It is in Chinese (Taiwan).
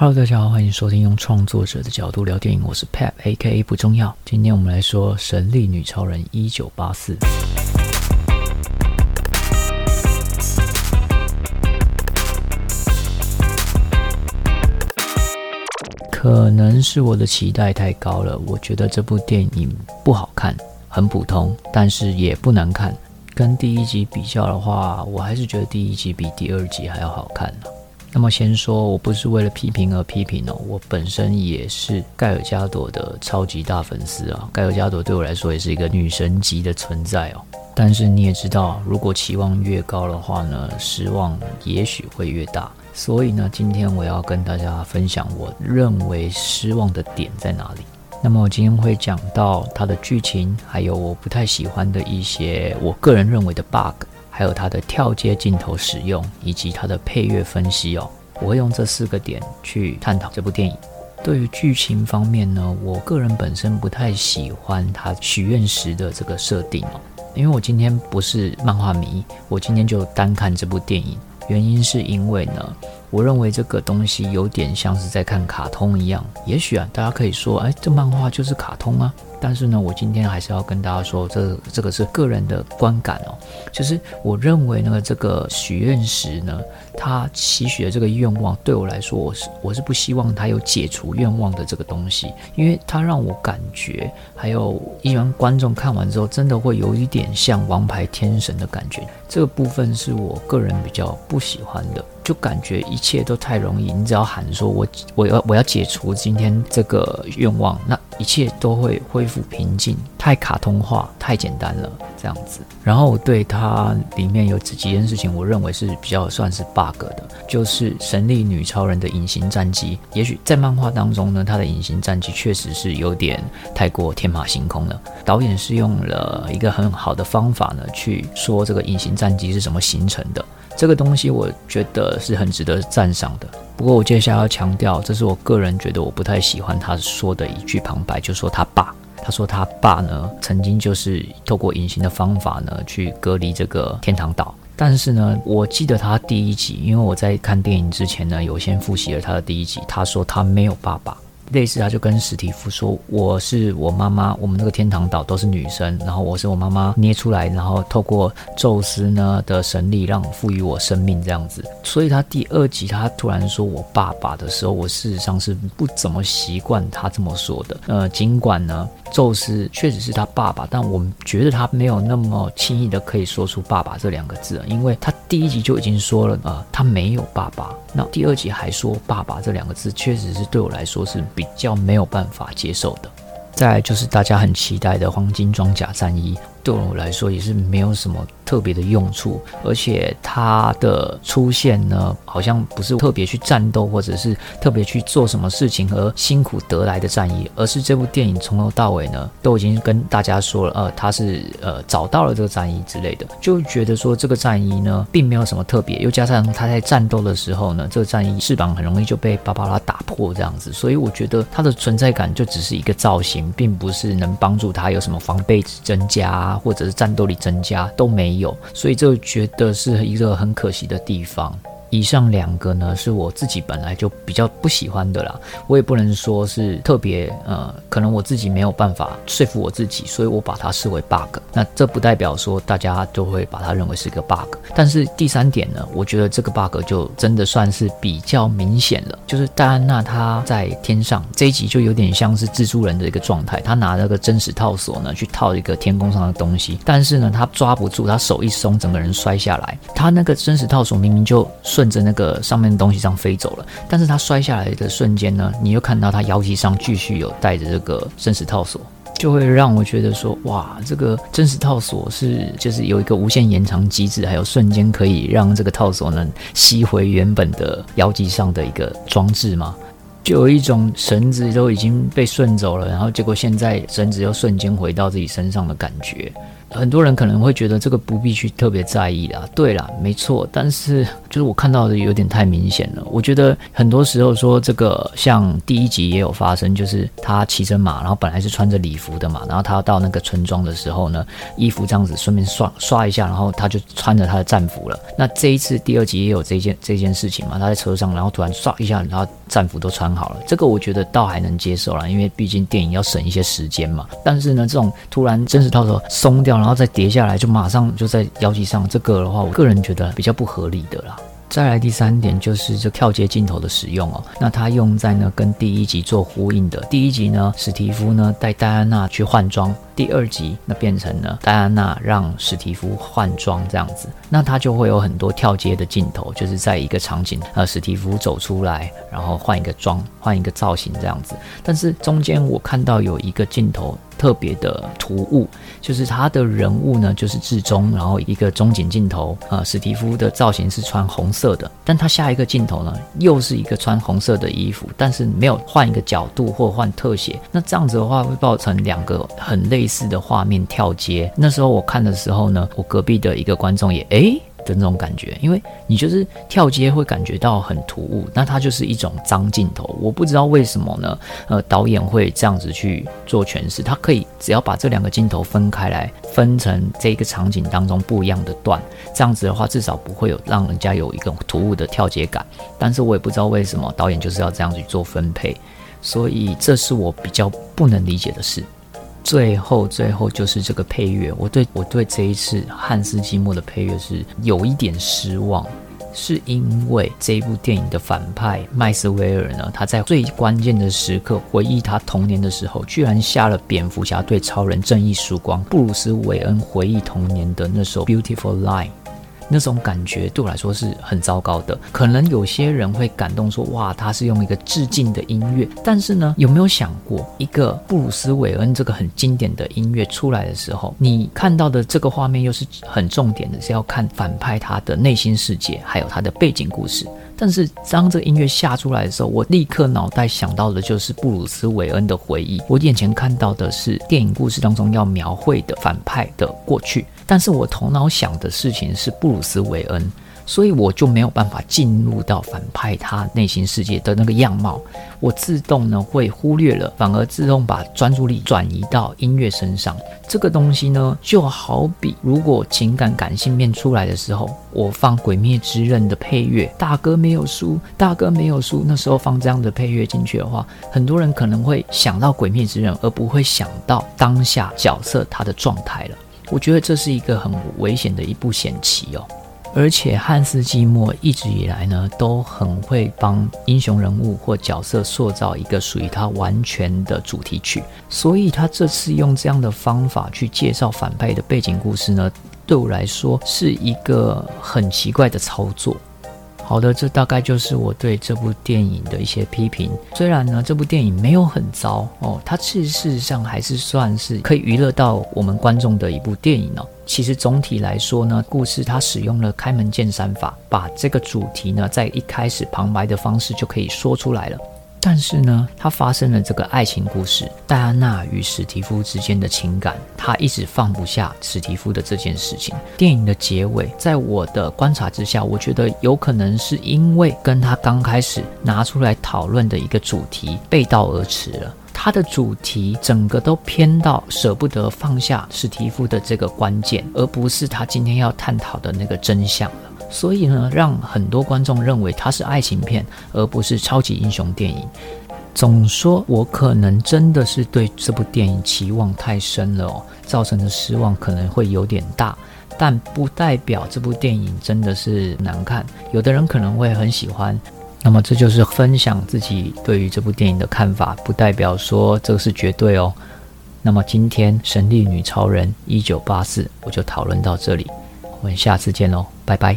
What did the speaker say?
Hello，大家好，歡迎收聽用創作者的角度聊電影，我是 Pep A.K.A 不重要。今天我們來說《神力女超人》一九八四。可能是我的期待太高了，我覺得這部電影不好看，很普通，但是也不難看。跟第一集比較的話，我還是覺得第一集比第二集還要好看呢。那麼先說，我不是為了批評而批評哦，我本身也是蓋爾加朵的超級大粉絲啊，蓋爾加朵對我來說也是一個女神級的存在哦。但是你也知道，如果期望越高的話呢，失望也許會越大。所以呢，今天我要跟大家分享我認為失望的點在哪裡。那麼我今天會講到它的劇情，還有我不太喜歡的一些我個人認為的 bug。還有它的跳接鏡頭使用，以及它的配樂分析哦，我會用這四個點去探討這部電影。對於劇情方面呢，我個人本身不太喜歡它許願時的這個設定哦，因為我今天不是漫畫迷，我今天就單看這部電影，原因是因為呢。我認為這個東西有點像是在看卡通一樣。也許啊，大家可以說，哎、欸，這漫畫就是卡通啊。但是呢，我今天還是要跟大家說，這個、這個是個人的觀感哦。就是我認為呢，這個許願石呢，他祈許的這個願望，對我來說，我是我是不希望他有解除願望的這個東西，因為它讓我感覺，還有一般觀眾看完之後，真的會有一點像王牌天神的感覺。這個部分是我個人比較不喜歡的。就感覺一切都太容易，你只要喊說我“我我要我要解除今天這個願望”，那一切都會恢復平靜，太卡通化，太簡單了這樣子。然後我對它裡面有幾幾件事情，我認為是比較算是 bug 的，就是神力女超人的隱形戰機。也許在漫畫當中呢，她的隱形戰機確實是有點太過天馬行空了。導演是用了一個很好的方法呢，去說這個隱形戰機是怎麼形成的。這個東西我覺得是很值得讚賞的。不過我接下來要強調，這是我個人覺得我不太喜歡他說的一句旁白，就是說他爸。他說他爸呢，曾經就是透過隱形的方法呢，去隔離這個天堂島。但是呢，我記得他第一集，因為我在看電影之前呢，有先複習了他的第一集。他說他沒有爸爸。類似，他就跟史蒂夫說：“我是我媽媽，我們那個天堂島都是女生。然後我是我媽媽捏出來，然後透過宙斯呢的神力讓賦予我生命這樣子。所以他第二集他突然說我爸爸的時候，我事實上是不怎麼習慣他這麼說的。呃，儘管呢，宙斯確實是他爸爸，但我們覺得他沒有那麼輕易的可以說出爸爸這兩個字，因為他第一集就已經說了，呃，他沒有爸爸。那第二集還說爸爸這兩個字，確實是對我來說是。”比較沒有辦法接受的，再來就是大家很期待的黃金裝甲戰衣。對我來說也是沒有什麼特別的用處，而且它的出現呢，好像不是特別去戰鬥，或者是特別去做什麼事情而辛苦得來的戰衣，而是這部電影從頭到尾呢都已經跟大家說了，呃，他是呃找到了這個戰衣之類的，就覺得說這個戰衣呢並沒有什麼特別，又加上他在戰鬥的時候呢，這個戰衣翅膀很容易就被芭芭拉打破這樣子，所以我覺得它的存在感就只是一個造型，並不是能幫助他有什麼防備值增加。或者是戰鬥力增加都沒有，所以就覺得是一個很可惜的地方。以上兩個呢，是我自己本來就比較不喜歡的啦，我也不能說是特別呃，可能我自己沒有辦法說服我自己，所以我把它視為 bug。那這不代表說大家都會把它認為是一個 bug。但是第三點呢，我覺得這個 bug 就真的算是比較明顯了。就是戴安娜她在天上這一集就有點像是蜘蛛人的一個狀態，她拿那個真實套索呢去套一個天空上的東西，但是呢，她抓不住，她手一鬆，整個人摔下來，她那個真實套索明明就。順着那個上面的東西上飛走了，但是他摔下來的瞬間呢，你又看到他腰際上繼續有帶着這個真實套索，就會讓我覺得說，哇，這個真實套索是就是有一個無限延長機制，還有瞬間可以讓這個套索能吸回原本的腰際上的一個裝置嗎？就有一種繩子都已經被順走了，然後結果現在繩子又瞬間回到自己身上的感覺。很多人可能會覺得這個不必去特別在意啦。對啦，沒錯。但是就是我看到的有點太明顯了。我覺得很多時候說這個，像第一集也有發生，就是他騎着馬，然後本來是穿着禮服的嘛，然後他到那個村莊的時候呢，衣服這樣子順便刷刷一下，然後他就穿着他的戰服了。那這一次第二集也有這件這件事情嘛，他在車上，然後突然唰一下，然後戰服都穿好了。這個我覺得倒還能接受啦，因為畢竟電影要省一些時間嘛。但是呢，這種突然真是到時候鬆掉。然後再疊下來，就馬上就在腰際上。這個的話，我個人覺得比較不合理的啦。再來第三點，就是這跳接鏡頭的使用哦。那它用在呢，跟第一集做呼應的。第一集呢，史蒂夫呢帶戴安娜去換裝，第二集那變成了戴安娜讓史蒂夫換裝這樣子。那它就會有很多跳接的鏡頭，就是在一個場景，呃，史蒂夫走出來，然後換一個裝，換一個造型這樣子。但是中間我看到有一個鏡頭。特別的突兀，就是他的人物呢，就是置中，然後一個中景鏡頭啊、呃，史蒂夫的造型是穿紅色的，但他下一個鏡頭呢，又是一個穿紅色的衣服，但是沒有換一個角度或換特寫，那這樣子的話會造成兩個很類似的畫面跳接。那時候我看的時候呢，我隔壁的一個觀眾也哎。欸的那種感覺，因為你就是跳接會感覺到很突兀，那它就是一種髒鏡頭。我不知道為什麼呢？呃，導演會這樣子去做詮釋，他可以只要把這兩個鏡頭分開來，分成這一個場景當中不一樣的段，這樣子的話至少不會有讓人家有一種突兀的跳接感。但是我也不知道為什麼導演就是要這樣子去做分配，所以這是我比較不能理解的事。最後，最後就是這個配樂，我對我對這一次漢斯季默的配樂是有一點失望，是因為這一部電影的反派麥斯威爾呢，他在最關鍵的時刻回憶他童年的時候，居然下了蝙蝠俠對超人正義曙光布魯斯韋恩回憶童年的那首《Beautiful Lie》那種感覺對我來說是很糟糕的。可能有些人會感動，說：“哇，他是用一個致敬的音樂。”但是呢，有沒有想過，一個布魯斯·韋恩這個很經典的音樂出來的時候，你看到的這個畫面又是很重點的，是要看反派他的內心世界，還有他的背景故事。但是當這個音樂下出來的時候，我立刻腦袋想到的就是布魯斯·韋恩的回憶。我眼前看到的是電影故事當中要描繪的反派的過去，但是我頭腦想的事情是布魯斯·韋恩。所以我就沒有辦法進入到反派他內心世界的那個樣貌，我自動呢會忽略了，反而自動把專注力轉移到音樂身上。這個東西呢，就好比如果情感感性面出來的時候，我放《鬼滅之刃》的配樂，大哥沒有輸，大哥沒有輸。那時候放這樣的配樂進去的話，很多人可能會想到《鬼滅之刃》，而不會想到當下角色他的狀態了。我覺得這是一個很危險的一步險棋哦。而且漢斯季默一直以來呢，都很會幫英雄人物或角色塑造一個屬於他完全的主題曲，所以他這次用這樣的方法去介紹反派的背景故事呢，對我來說是一個很奇怪的操作。好的，這大概就是我對這部電影的一些批評。雖然呢，這部電影沒有很糟哦，它其實事實上還是算是可以娛樂到我們觀眾的一部電影哦。其實總體來說呢，故事它使用了開門見山法，把這個主題呢在一開始旁白的方式就可以說出來了。但是呢，他發生了這個愛情故事，戴安娜與史蒂夫之間的情感，他一直放不下史蒂夫的這件事情。電影的結尾，在我的觀察之下，我覺得有可能是因為跟他剛開始拿出來討論的一個主題背道而馳了。他的主題整個都偏到捨不得放下史蒂夫的這個關鍵，而不是他今天要探討的那個真相。所以呢，讓很多觀眾認為它是愛情片而不是超級英雄電影。總說我可能真的是對這部電影期望太深了哦，造成的失望可能會有點大，但不代表這部電影真的是難看。有的人可能會很喜歡。那麼這就是分享自己對於這部電影的看法，不代表說這個是絕對哦。那麼今天《神力女超人》一九八四，我就討論到這裡。我們下次見嘍，拜拜。